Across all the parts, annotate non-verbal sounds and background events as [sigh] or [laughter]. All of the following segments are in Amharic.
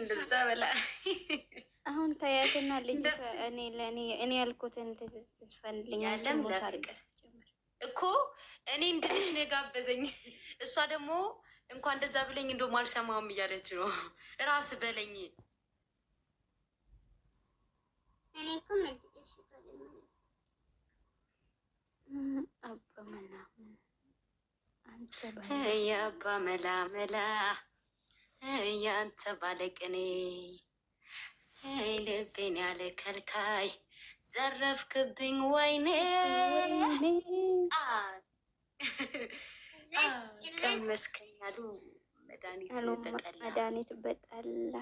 እንደዛ በላ [laughs] አሁን ተያትና ልጅ እኔ ያልኩትን ትዝፈንልኝ ያለም ለፍቅር እኮ እኔ እንድልሽ ነው የጋበዘኝ። እሷ ደግሞ እንኳን እንደዛ ብለኝ እንደውም አልሰማውም እያለች ነው። ራስ በለኝ እኔ የአባ መላ መላ ያንተ ባለቅኔ ልቤን ያለ ከልካይ ዘረፍክብኝ ወይኔ ቀመስከኝ መድኃኒት በጠላ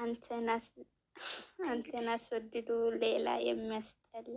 አንተን አስወድዶ ሌላ የሚያስጠላ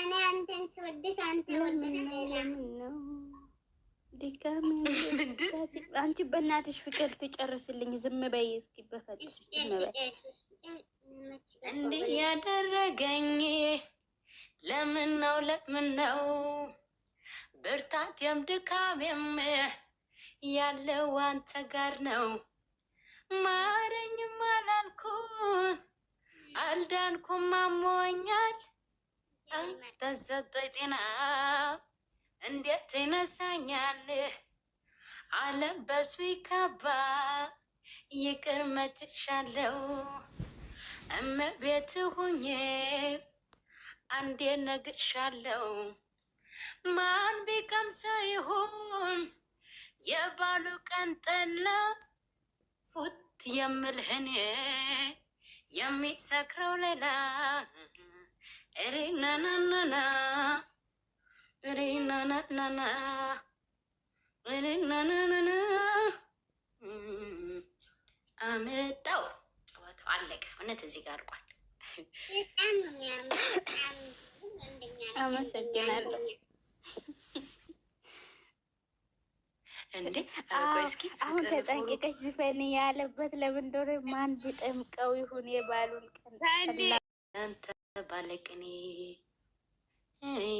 እኔ አንተን አንተ [laughs] አንቺ በእናትሽ ፍቅር ትጨርስልኝ። ዝም በይ እስኪ እንዲህ ያደረገኝ ለምን ነው ለምን ነው? ብርታቴም ድካሜም ያለው አንተ ጋር ነው። ማረኝም አላልኩም አልዳንኩም፣ አሞኛል ተሰጠኝ ጤና እንዴት ይነሳኛል አለበሱ በሱ ይካባ ይቅር መችሻለው እመቤት ሁኜ አንዴ ነግሻለው ማን ቢቀምሰው ይሁን የባሉ ቀን ጠላ ፉት የምልህን የሚሰክረው ሌላ አመጣው ጨዋታው አለቀ። እውነት እዚህ ጋር አልቋል። አሁን ዝፈን ያለበት ለምን እንደሆነ ማን ቢጠምቀው ይሁን የባሉን ቀን ባለቅኔ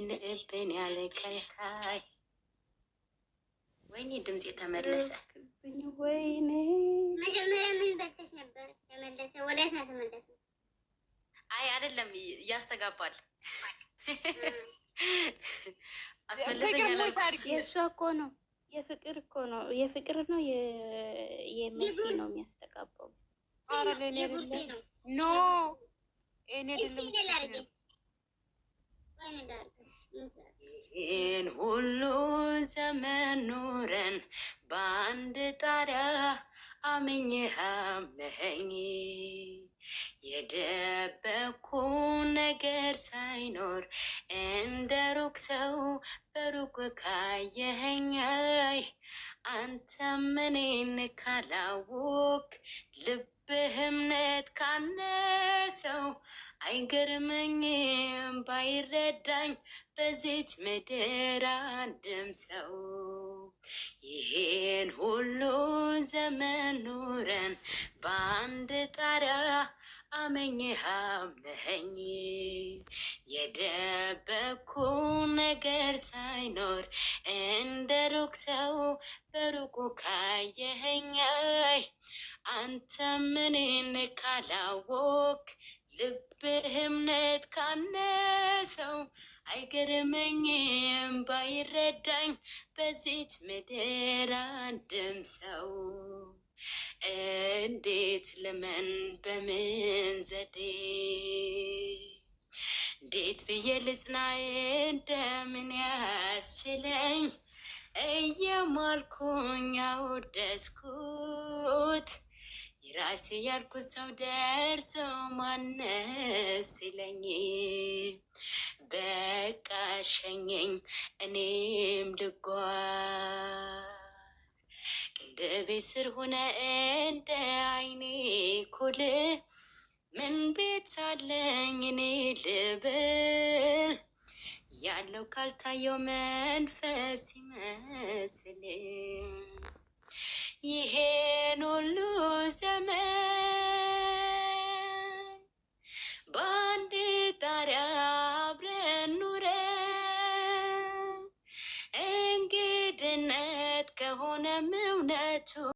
ንእብን ያለ ከልካይ ወይኔ ድምፅ የተመለሰ ተመለሰ አይ አይደለም፣ ያስተጋባል። አስመለሰኝ የእሷ እኮ ነው የፍቅር እኮ ነው የፍቅር ነው የመሲ ነው የሚያስተጋባው ኖ ይህን ሁሉ ዘመን ኖረን በአንድ ጣሪያ አምኜህ አምነኸኝ የደበኩ ነገር ሳይኖር እንደ ሩቅ ሰው በሩቅ ካየኸኝ አንተ እኔን ካላወቅ አይገርመኝም ባይረዳኝ በዚች ምድር አንድም ሰው ይሄን ሁሉ ዘመን ኑረን በአንድ ጣሪያ አመኝ ሀምነኸኝ የደበኩ ነገር ሳይኖር እንደ ሩቅ ሰው በሩቁ ካየኸኛይ አንተ ምንን ካላወቅ ልብህ እምነት ካነሰው አይገርመኝም ባይረዳኝ በዚች ምድር አንድም ሰው እንዴት ልመን በምን ዘዴ እንዴት ብዬ ልጽናዬ እንደምን ያስችለኝ እየማልኩኝ ደስኩት! የራሴ ያልኩት ሰው ደርሶ ማነስ ይለኝ በቃ ሸኘኝ እኔም ልጓዝ ቅንድቤ ስር ሆነ እንደ አይኔ ኩል ምን ቤት ሳለኝ እኔ ልብል ያለው ካልታየው መንፈስ ይመስል ይሄን ሁሉ ዘመን በአንድ ጣሪያ አብረን ኑረን እንግድነት ከሆነም እውነቱ